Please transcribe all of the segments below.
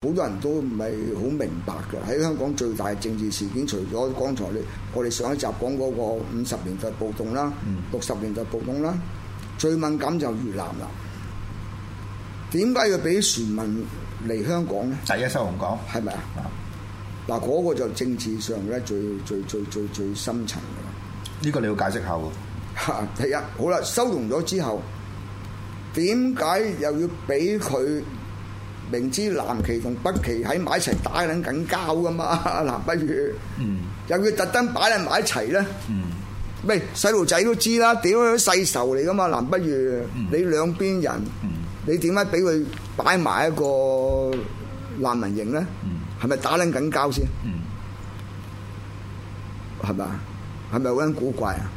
好多人都唔係好明白嘅，喺香港最大政治事件，除咗剛才你我哋上一集講嗰個五十年代暴動啦，六十年代暴動啦，最敏感就越南啦。點解要俾船民嚟香港呢？第一，收容港係咪啊？嗱，嗰個就政治上咧最最最最最深層嘅啦。呢個你要解釋下喎。第一，好啦，收容咗之後，點解又要俾佢？明知南旗同北旗喺埋一齊打緊緊交㗎嘛，南北越，又要特登擺人埋一齊咧。喂，細路仔都知啦，屌佢細仇嚟㗎嘛，南北越，你兩邊人，你點解俾佢擺埋一個難民營咧？係咪打緊緊交先？係咪？係咪好撚古怪啊？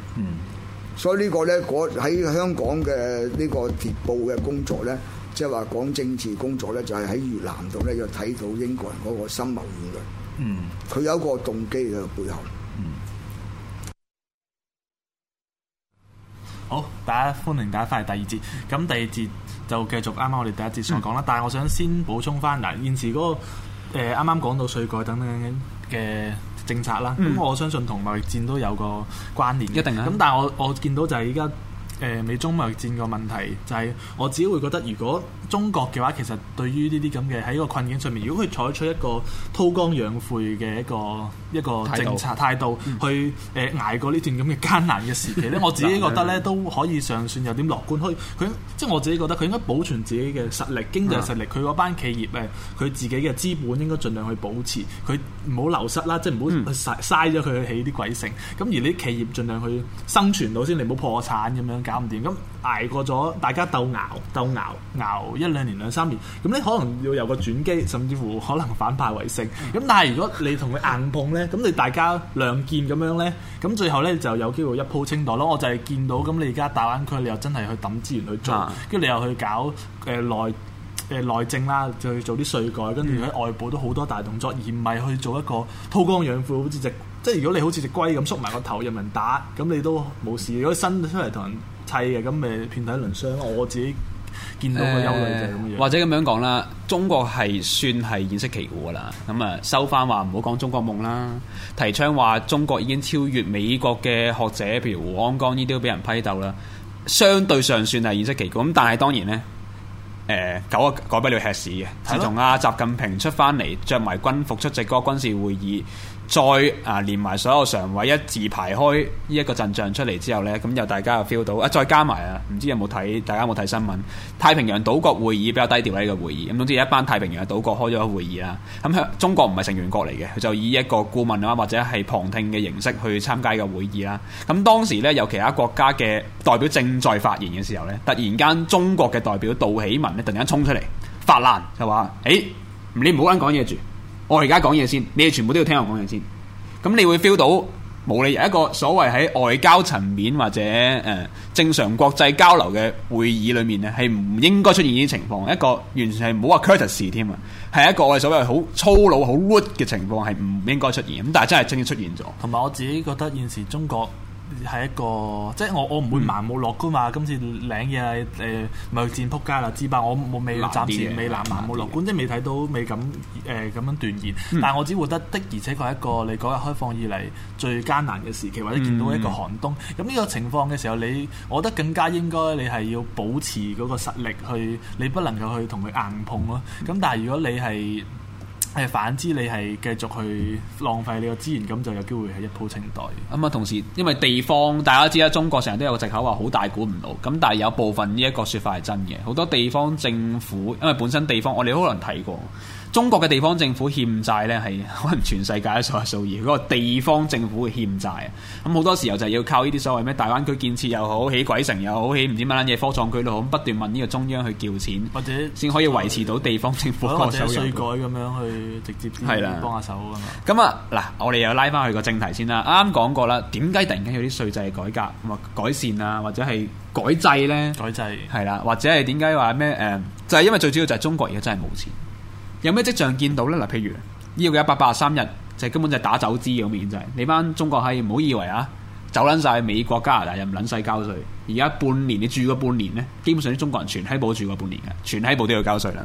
所以呢個咧，嗰喺香港嘅呢個鐵報嘅工作咧。即係話講政治工作咧，就係喺越南度咧，又睇到英國人嗰個深謀遠慮。嗯，佢有一個動機嘅背後。嗯。好，大家歡迎大家翻嚟第二節。咁第二節就繼續啱啱我哋第一節想講啦。嗯、但係我想先補充翻嗱，現時嗰、誒啱啱講到稅改等等嘅政策啦。嗯。咁我相信同貿易戰都有個關聯。一定啊！咁但係我我見到就係依家。誒、呃、美中貿戰個問題就係、是、我自己會覺得，如果中國嘅話其實對於呢啲咁嘅喺個困境上面，如果佢採取一個韜光養晦嘅一個度一個政策態度、嗯、去誒、呃、捱過呢段咁嘅艱難嘅時期咧， 我自己覺得咧 都可以尚算有點樂觀可以佢即係我自己覺得佢應該保存自己嘅實力、經濟實力。佢嗰、嗯、班企業誒佢自己嘅資本應該盡量去保持，佢唔好流失啦，即係唔好嘥嘥咗佢去起啲鬼城。咁而呢啲企業盡量去生存到先，唔好破產咁樣。搞唔掂，咁挨過咗，大家鬥熬、鬥熬、熬一兩年、兩三年，咁你可能要有個轉機，甚至乎可能反敗為勝。咁、嗯、但係如果你同佢硬碰呢，咁、嗯、你大家亮劍咁樣呢，咁最後呢就有機會一鋪清袋咯。我就係見到咁你而家大灣區，你又真係去抌資源去做，跟住、啊、你又去搞誒、呃、內誒、呃、內政啦，去做啲稅改，跟住喺外部都好多大動作，而唔係去做一個韜光養晦。好似直。即係如果你好似隻龜咁縮埋個頭任人打，咁你都冇事。如果伸出嚟同人砌嘅，咁咪遍體鱗傷咯。我自己見到嘅憂慮就係咁樣、呃。或者咁樣講啦，中國係算係偃旗息鼓噶啦。咁啊，收翻話唔好講中國夢啦，提倡話中國已經超越美國嘅學者，譬如胡鞍鋼呢啲都俾人批鬥啦。相對上算係偃旗息鼓，咁但係當然呢，誒、呃，狗啊改不了吃屎嘅。同阿、啊、習近平出翻嚟，着埋軍服出席嗰個軍事會議。再啊，連埋所有常委一字排開呢一個陣仗出嚟之後呢，咁又大家又 feel 到啊，再加埋啊，唔知有冇睇？大家有冇睇新聞？太平洋島國會議比較低調呢個會議，咁總之一班太平洋嘅島國開咗個會議啦。咁中國唔係成員國嚟嘅，就以一個顧問啊或者係旁聽嘅形式去參加呢個會議啦。咁當時呢，有其他國家嘅代表正在發言嘅時候呢，突然間中國嘅代表杜起文呢，突然間衝出嚟發難，就話：誒、欸，你唔好噏講嘢住。我而家講嘢先，你哋全部都要聽我講嘢先。咁你會 feel 到冇理由一個所謂喺外交層面或者誒正常國際交流嘅會議裏面咧，係唔應該出現呢啲情況，一個完全係唔好話 courtesy 添啊，係一個我所謂好粗魯好 rude 嘅情況係唔應該出現嘅。咁但係真係正嘅出現咗。同埋我自己覺得現時中國，係一個即係我我唔會盲目樂觀話，今次領嘢誒咪漸撲街啦，止敗我冇未暫時未能盲目樂觀，即係未睇到未敢誒咁樣斷言。但係我只會覺得的，而且確係一個你改革開放以嚟最艱難嘅時期，或者見到一個寒冬咁，呢個情況嘅時候，你我覺得更加應該你係要保持嗰個實力去，你不能夠去同佢硬碰咯。咁但係如果你係係反之，你係繼續去浪費你個資源，咁就有機會係一鋪清袋。咁啊，同時因為地方大家知啦，中國成日都有個藉口話好大估唔到，咁但係有部分呢一個説法係真嘅，好多地方政府因為本身地方，我哋可能睇過。中國嘅地方政府欠債咧，係可能全世界數一數二。嗰個地方政府嘅欠債啊，咁好多時候就係要靠呢啲所謂咩大灣區建設又好，起鬼城又好，起唔知乜嘢科創區都好，不斷問呢個中央去叫錢，或者先可以維持到地方政府嘅收入。咁啊，稅改咁樣去直接幫下手咁啊，嗱的、嗯，我哋又拉翻去個正題先啦。啱啱講過啦，點解突然間有啲稅制改革或改善啊，或者係改制呢？改制係啦，或者係點解話咩？誒、呃，就係、是、因為最主要就係中國而家真係冇錢。有咩跡象見到呢？嗱，譬如呢、呢個嘅一百八十三日就是、根本就係打走資咁樣嘅，就係、是、你班中國閪唔好以為啊，走撚晒美國加拿大又唔撚曬交稅。而家半年你住個半年呢，基本上啲中國人全喺度住個半年嘅，全喺部都要交稅啦。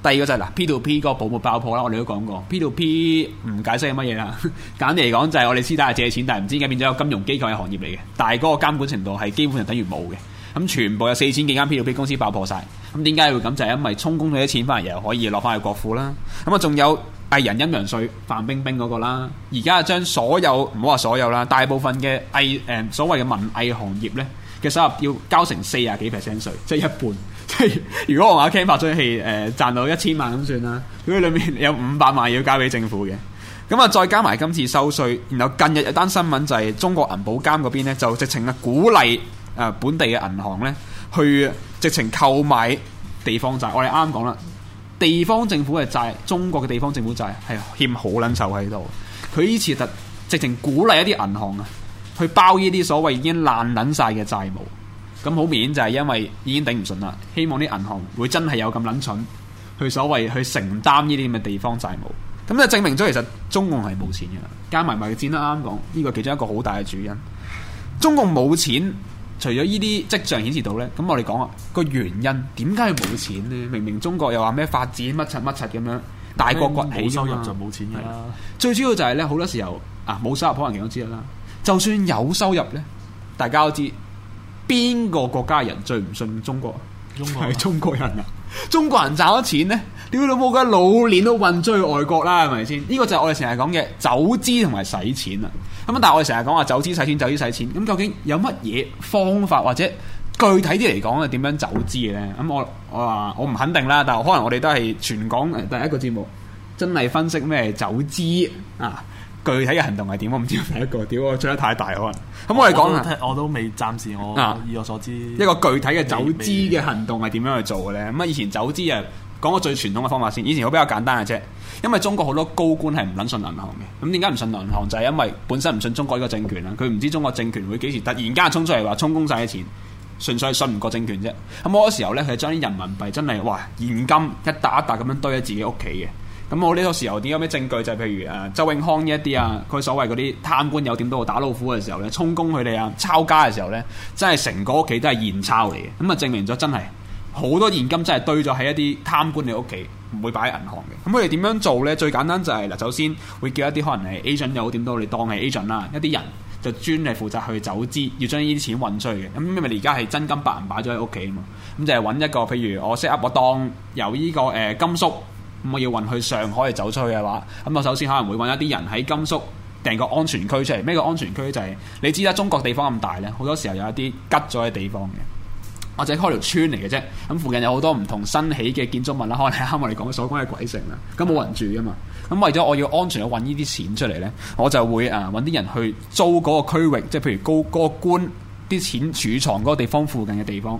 第二個就係、是、嗱，P to P 嗰個泡沫爆破啦，我哋都講過，P to P 唔解釋係乜嘢啦， 簡單嚟講就係我哋私底下借錢，但係唔知點解變咗有金融機構嘅行業嚟嘅，但係嗰個監管程度係基本上等於冇嘅。咁全部有四千幾間 P2P 公司爆破晒，咁點解會咁？就係、是、因為充公咗啲錢翻嚟，又可以落翻去國庫啦。咁啊，仲有藝人陰陽稅，范冰冰嗰個啦。而家將所有唔好話所有啦，大部分嘅藝誒、呃、所謂嘅文藝行業呢，嘅收入要交成四啊幾 percent 稅，即係、就是、一半。即 係如果我阿 Ken 拍出一戲誒賺到一千萬咁算啦，佢裏面有五百萬要交俾政府嘅。咁啊，再加埋今次收稅，然後近日一單新聞就係中國銀保監嗰邊咧，就直情啊鼓勵。呃、本地嘅銀行呢，去直情購買地方債。我哋啱講啦，地方政府嘅債，中國嘅地方政府債係欠好撚臭喺度。佢呢次就直情鼓勵一啲銀行啊，去包呢啲所謂已經爛撚晒嘅債務。咁好明顯就係因為已經頂唔順啦，希望啲銀行會真係有咁撚蠢，蠢去所謂去承擔呢啲咁嘅地方債務。咁就證明咗其實中共係冇錢嘅。加埋埋戰得啱講，呢、呢個其中一個好大嘅主因。中共冇錢。除咗呢啲跡象顯示到呢，咁我哋講啊個原因點解佢冇錢呢？明明中國又話咩發展乜柒乜柒咁樣，大國崛起，收入就冇錢嘅。最主要就係呢，好多時候啊冇收入，可能大家都知啦，就算有收入呢，大家都知邊個國家人最唔信中國？中國係、啊、中國人啊！中國人賺咗錢呢？屌老母嘅老年都運追去外國啦，係咪先？呢、這個就係我哋成日講嘅走資同埋使錢啦。咁、嗯、但係我哋成日講話走資使錢走資使錢，咁、嗯、究竟有乜嘢方法或者具體啲嚟講係點樣走資嘅呢？咁、嗯、我我話我唔肯定啦，但係可能我哋都係全港第一個節目真係分析咩走資啊。具體嘅行動係點？我唔知第一個，屌我出得太大可能。咁、 嗯、我哋講啦，我都未暫時我以我所知一個具體嘅走資嘅行動係點樣去做嘅咧？咁、嗯、啊，以前走資啊，講個最傳統嘅方法先。以前好比較簡單嘅啫，因為中國好多高官係唔撚信銀行嘅。咁點解唔信銀行？就係、是、因為本身唔信中國呢個政權啦。佢唔知中國政權會幾時突然間衝出嚟話充公晒嘅錢，純粹係信唔過政權啫。咁好多時候咧，佢係將啲人民幣真係哇現金一沓一沓咁樣堆喺自己屋企嘅。咁我呢個時候點解咩證據？就係、是、譬如誒、啊、周永康一啲啊，佢所謂嗰啲貪官有點都打老虎嘅時候咧，充公佢哋啊，抄家嘅時候咧，真係成個屋企都係現鈔嚟嘅。咁啊，證明咗真係好多現金真係堆咗喺一啲貪官嘅屋企，唔會擺喺銀行嘅。咁佢哋點樣做咧？最簡單就係、是、嗱，首先會叫一啲可能係 agent 又好點都，你當係 agent 啦，一啲人就專係負責去走資，要將呢啲錢運出去嘅。咁因為你而家係真金白銀擺咗喺屋企啊嘛，咁就係揾一個，譬如我 set up 我當由呢、這個誒、呃、金叔。我要運去上海走出去嘅話，咁我首先可能會揾一啲人喺甘肅訂個安全區出嚟。咩叫安全區？就係，就係你知啦，中國地方咁大呢，好多時候有一啲吉咗嘅地方嘅，或者開條村嚟嘅啫。咁附近有好多唔同新起嘅建，建築物啦，可能啱我哋講所講嘅鬼城啦。咁冇人住噶嘛？咁為咗我要安全去揾呢啲錢出嚟呢，我就會啊揾啲人去租嗰個區域，即係譬如高嗰個官啲錢儲藏嗰個地方附近嘅地方，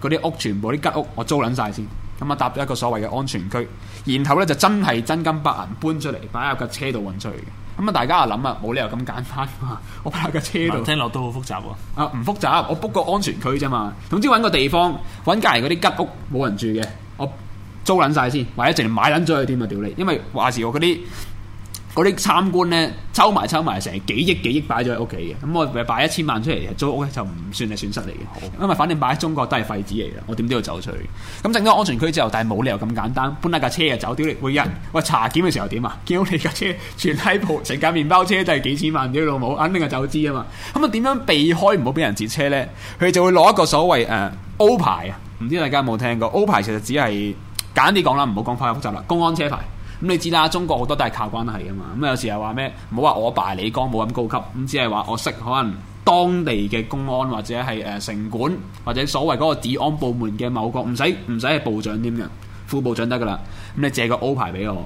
嗰啲屋全部啲吉屋，我租撚晒先。咁啊，搭咗一個所謂嘅安全區，然後咧就真係真金白銀搬出嚟，擺喺架車度運出去。咁啊，大家啊諗、哦、啊，冇理由咁簡單嘛！我擺架車度，聽落都好複雜喎。啊，唔複雜，我 book 個安全區啫嘛。總之揾個地方，揾隔離嗰啲吉屋冇人住嘅，我租撚晒先，或者淨係買撚咗去添啊屌你，因為話事我嗰啲。嗰啲參觀咧，抽埋抽埋，成幾億幾億擺咗喺屋企嘅，咁、嗯、我咪擺一千萬出嚟租屋就唔算係損失嚟嘅，好因為反正擺喺中國都係廢紙嚟嘅，我點都要走出去。咁整到安全區之後，但係冇理由咁簡單搬一架車就走，丟你會人喂查檢嘅時候點啊？叫你架車全體部成架麪包車都係幾千萬屌老母，肯定係走資啊嘛。咁啊點樣避開唔好俾人截車咧？佢就會攞一個所謂誒、呃、歐牌啊，唔知大家有冇聽過歐牌？其實只係簡單啲講啦，唔好講太複雜啦，公安車牌。咁你知啦，中國好多都係靠關係噶嘛。咁、嗯、有時又話咩？唔好話我爸李剛冇咁高級，咁、嗯、只係話我識可能當地嘅公安或者係誒、呃、城管或者所謂嗰個治安部門嘅某個，唔使唔使係部長添嘅，副部長得噶啦。咁、嗯、你借個 O 牌俾我，咁、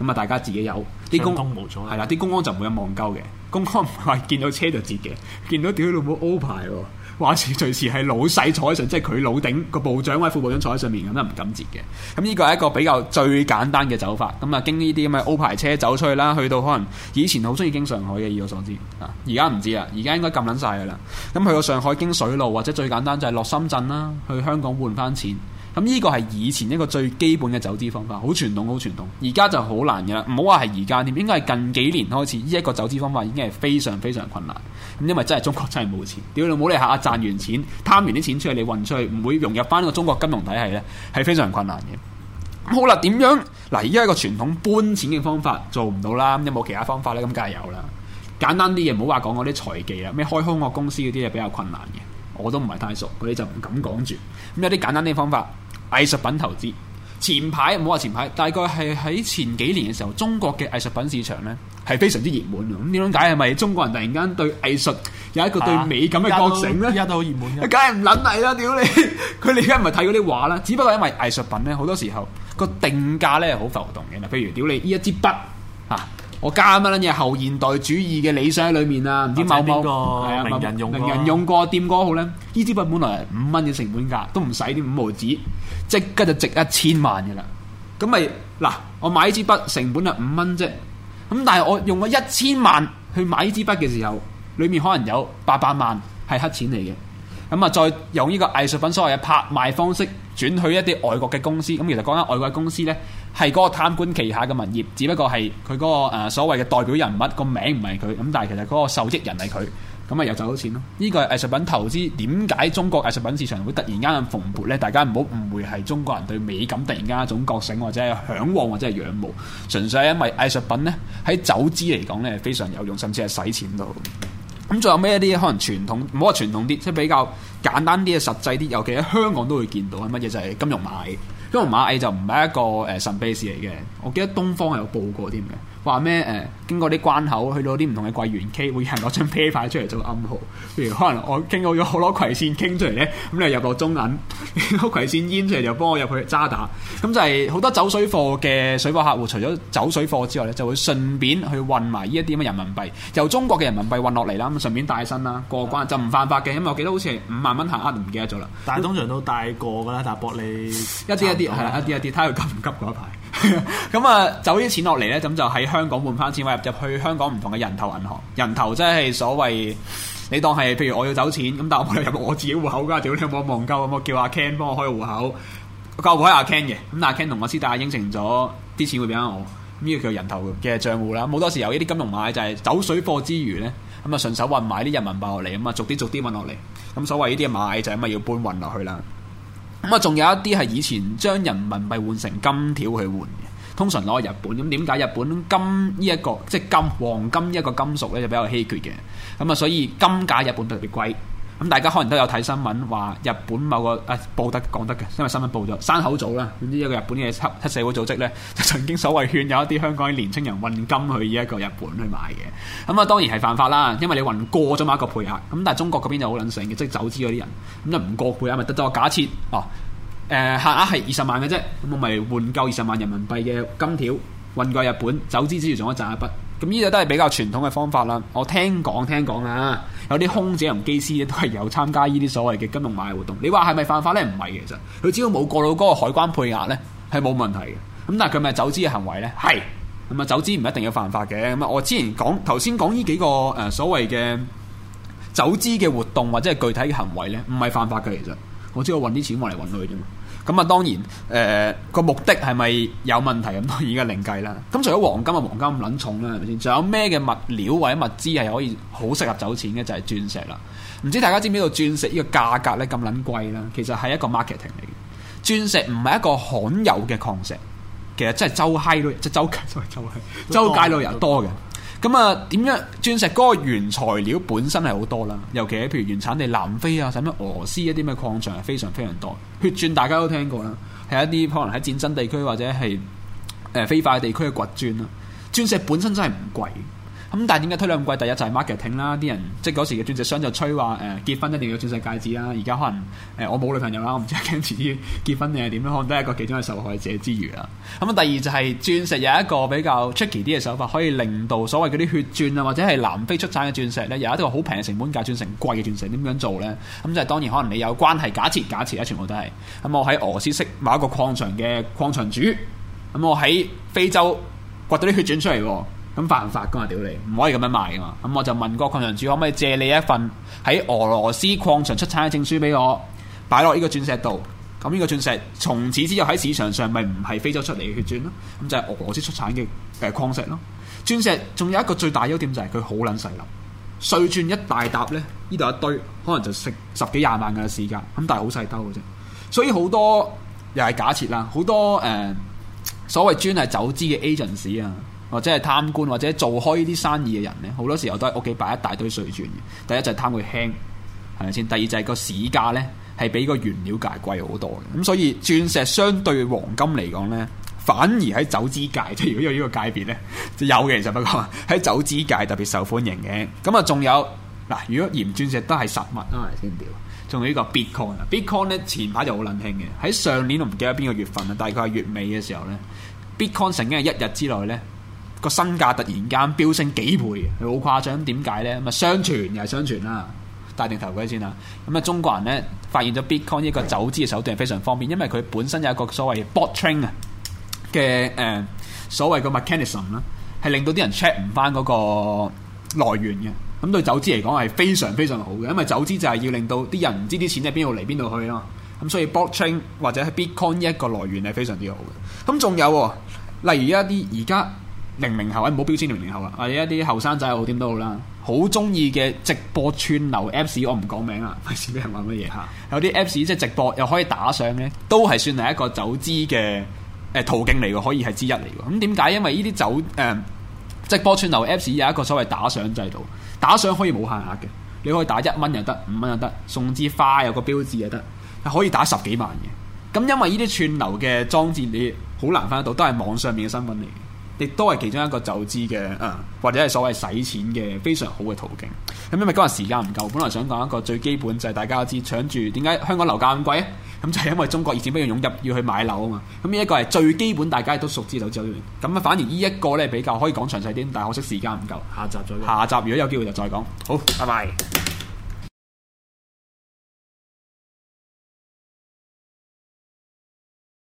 嗯、啊大家自己有啲公安冇錯，係啦，啲公安就唔會望鳩嘅，公安唔係見到車就截嘅，見到屌你老母 O 牌喎、哦。話事隨時係老細坐喺上，即係佢老頂個部長或副部長坐喺上面咁，又唔敢接嘅。咁呢個係一個比較最簡單嘅走法。咁啊，經呢啲咁嘅 O 牌車走出去啦，去到可能以前好中意經上海嘅，以我所知啊，而家唔知啊，而家應該撳撚晒嘅啦。咁去到上海經水路或者最簡單就係落深圳啦，去香港換翻錢。咁呢個係以前一個最基本嘅走資方法，好傳統，好傳統。而家就好難嘅啦，唔好話係而家添，應該係近幾年開始，呢一個走資方法已經係非常非常困難。咁因為真係中國真係冇錢，屌你冇你下，賺完錢，貪完啲錢出去，你運出去唔會融入翻個中國金融體系。呢係非常困難嘅。好啦，點樣嗱？而家一個傳統搬錢嘅方法做唔到啦，有冇其他方法呢？咁梗係有啦，簡單啲嘢唔好話講嗰啲財技啊，咩開空殼公司嗰啲嘢比較困難嘅，我都唔係太熟，嗰啲就唔敢講住。咁有啲簡單啲方法。藝術品投資，前排，唔好話前排，大概係喺前幾年嘅時候，中國嘅藝術品市場呢係非常之熱門啊！咁點樣解係咪中國人突然間對藝術有一個對美感嘅覺醒呢？而家、啊、都好熱門，梗係唔撚嚟啦！屌你，佢哋而家唔係睇嗰啲畫啦，只不過因為藝術品呢好多時候個定價呢係好浮動嘅。譬如屌你呢一支筆啊！我加乜嘢後現代主義嘅理想喺裏面啊？唔知某某名人用過、啊，人用過店嗰號咧，呢支筆本來五蚊嘅成本價都唔使啲五毫紙，即刻就值一千萬嘅啦。咁咪嗱，我買支筆成本係五蚊啫，咁但係我用咗一千萬去買呢支筆嘅時候，裏面可能有八百萬係黑錢嚟嘅。咁啊，再用呢個藝術品所謂嘅拍賣方式轉去一啲外國嘅公司，咁其實講緊外國嘅公司咧。係嗰個貪官旗下嘅物業，只不過係佢嗰個、呃、所謂嘅代表人物個名唔係佢，咁但係其實嗰個受益人係佢，咁啊又走咗錢咯。呢個藝術品投資，點解中國藝術品市場會突然間咁蓬勃呢？大家唔好誤會係中國人對美感突然間一種覺醒或者係嚮往或者係仰慕，純粹係因為藝術品呢喺走資嚟講呢，非常有用，甚至係使錢到。咁仲有咩一啲可能傳統，唔好話傳統啲，即係比較簡單啲嘅實際啲，尤其喺香港都會見到係乜嘢？就係金融買。因為螞蟻就唔係一個誒神秘事嚟嘅，我記得東方係有報過添嘅。話咩？誒、呃，經過啲關口，去到啲唔同嘅櫃員機，會有人攞張啤牌出嚟做暗號。譬如可能我傾到咗好多葵線傾出嚟咧，咁你入到中銀多葵線煙出嚟就幫我入去渣打。咁就係好多走水貨嘅水貨客戶，除咗走水貨之外咧，就會順便去運埋呢一啲乜人民幣，由中國嘅人民幣運落嚟啦。咁順便帶身啦，過關、嗯、就唔犯法嘅。因為我記得好似係五萬蚊限額，唔記得咗啦。但係通常都帶過㗎啦，但係博你一啲一啲係啦，一啲些對一啲睇佢急唔急嗰一排。咁 啊、嗯，走啲錢落嚟咧，咁就喺。香港換翻錢，我入入去香港唔同嘅人頭銀行，人頭即係所謂你當係，譬如我要走錢，咁但我唔係入我自己戶口㗎，屌你有冇望夠？我叫阿 Ken 幫我開戶口，我交戶喺阿 Ken 嘅，咁阿 Ken 同我師弟應承咗啲錢會俾翻我，呢個叫人頭嘅賬戶啦。好多時呢啲金融買就係走水貨之餘呢，咁啊順手運埋啲人民幣落嚟，咁啊逐啲逐啲運落嚟，咁所謂呢啲嘢買就係咪要搬運落去啦。咁啊仲有一啲係以前將人民幣換成金條去換嘅。通常攞去日本咁，點解日本金呢、這、一個即係金黃金呢一個金屬咧就比較稀缺嘅？咁啊，所以金價日本特別貴。咁大家可能都有睇新聞話日本某個啊、哎、報得講得嘅，因為新聞報咗山口組啦。總之一個日本嘅黑黑社會組織咧，就曾經所謂勸有一啲香港嘅年青人運金去呢一個日本去買嘅。咁啊，當然係犯法啦，因為你運過咗某一個配額。咁但係中國嗰邊就好撚醒嘅，即係走資嗰啲人咁就唔過配額咪得。就得假設啊。哦誒，限額係二十萬嘅啫，咁我咪換夠二十萬人民幣嘅金條運過日本，走資之餘仲可賺一筆。咁呢個都係比較傳統嘅方法啦。我聽講聽講啊，有啲空姐同機師都係有參加呢啲所謂嘅金融買賣活動。你話係咪犯法呢？唔係其實佢只要冇過到嗰個海關配額呢，係冇問題嘅。咁但係佢咪走資嘅行為呢？係咁啊，走資唔一定要犯法嘅。咁啊，我之前講頭先講呢幾個誒所謂嘅走資嘅活動或者係具體嘅行為呢，唔係犯法嘅。其實我知道我，搵啲錢嚟搵佢啫嘛。咁啊，當然，誒、呃、個目的係咪有問題咁？當然而家另計啦。咁、嗯、除咗黃金啊，黃金咁撚重啦，係咪先？仲有咩嘅物料或者物資係可以好適合走錢嘅？就係、是、鑽石啦。唔知大家知唔知道鑽石呢個價格咧咁撚貴啦？其實係一個 marketing 嚟嘅。鑽石唔係一個罕有嘅礦石，其實真係周嗨 都多，真係周街周街路人多嘅。多咁啊，點樣鑽石嗰個原材料本身係好多啦，尤其係譬如原產地南非啊，使乜俄羅斯一啲咩礦場係非常非常多。血鑽大家都聽過啦，係一啲可能喺戰爭地區或者係誒非法地區嘅掘鑽啦。鑽石本身真係唔貴。咁但係點解推兩咁貴？第一就係 marketing 啦，啲人即係嗰時嘅鑽石商就催話、啊、誒、呃、結婚一定要鑽石戒指啦。而家可能誒、呃、我冇女朋友啦，我唔知，不知，想驚遲結婚定係點樣，可能都係一個其中嘅受害者之餘啦。咁第二就係、是、鑽石有一個比較 tricky 啲嘅手法，可以令到所謂嗰啲血鑽啊，或者係南非出產嘅鑽石咧，有一啲好平嘅成本價轉成貴嘅鑽石，點樣做咧？咁就當然可能你有關係，假設假設啦，全部都係。咁我喺俄羅斯識某一個礦場嘅礦場主，咁我喺非洲掘到啲血鑽出嚟喎。咁犯法噶嘛？屌你，唔可以咁樣賣噶嘛？咁我就問個礦場主可唔可以借你一份喺俄羅斯礦場出產嘅證書俾我，擺落呢個鑽石度。咁呢個鑽石從此之後喺市場上咪唔係非洲出嚟嘅血鑽咯？咁就係俄羅斯出產嘅誒礦石咯。鑽石仲有一個最大優點就係佢好捻細粒，碎鑽一大沓呢，呢度一堆，可能就食十幾廿萬嘅時間。咁但係好細兜嘅啫。所以好多又係假設啦，好多誒、呃、所謂專係走資嘅 agents 啊。或者係貪官，或者做開呢啲生意嘅人呢，好多時候都喺屋企擺一大堆碎鑽。第一就係貪佢輕，係咪先？第二就係個市價呢，係比個原料價貴好多。咁所以鑽石相對黃金嚟講呢，反而喺走資界，即係如果有呢個界別呢，就有嘅。其實不過喺走資界特別受歡迎嘅。咁啊，仲有嗱，如果嫌鑽石都係實物，都係先屌。仲有呢個 Bitcoin，Bitcoin 呢，前排就好撚興嘅。喺上年我唔記得邊個月份啦，大概月尾嘅時候呢，Bitcoin 曾經係一日之內呢。個身價突然間飆升幾倍，係好誇張。點解呢？咁啊，相傳又係相傳啦。戴定頭盔先啦。咁啊，中國人呢，發現咗 Bitcoin 一個走資嘅手段係非常方便，因為佢本身有一個所謂 block chain 嘅誒、呃、所謂嘅 mechanism 啦，係令到啲人 check 唔翻嗰個來源嘅。咁、嗯、對走資嚟講係非常非常好嘅，因為走資就係要令到啲人唔知啲錢喺邊度嚟，邊度去啊嘛。咁所以 block chain 或者係 Bitcoin 一個來源係非常之好嘅。咁、嗯、仲有、哦、例如一啲而家。零零後，喂、哎，唔好標籤零零後啦，係一啲後生仔好點都好啦，好中意嘅直播串流 Apps，我唔講名啦。費事俾人話乜嘢嚇？啊、有啲 Apps 即係直播，又可以打賞嘅，都係算係一個走資嘅、呃、途徑嚟嘅，可以係之一嚟嘅。咁點解？因為呢啲走誒、呃、直播串流 Apps 有一個所謂打賞制度，打賞可以冇限額嘅，你可以打一蚊又得，五蚊又得，送支花有個標誌又得，可以打十幾萬嘅。咁、嗯、因為呢啲串流嘅裝置，你好難翻得到，都係網上面嘅身份嚟。亦都係其中一個走資嘅，啊、嗯、或者係所謂使錢嘅非常好嘅途徑。咁、嗯、因為今日時間唔夠，本來想講一個最基本就係、是、大家都知搶住點解香港樓價咁貴啊？咁、嗯、就係、是、因為中國熱錢不斷湧入要去買樓啊嘛。咁、嗯、呢一個係最基本大家都熟知到嘅。咁啊、嗯、反而呢一個呢，比較可以講詳細啲，但係可惜時間唔夠。下集再下集，如果有機會就再講。好，拜拜。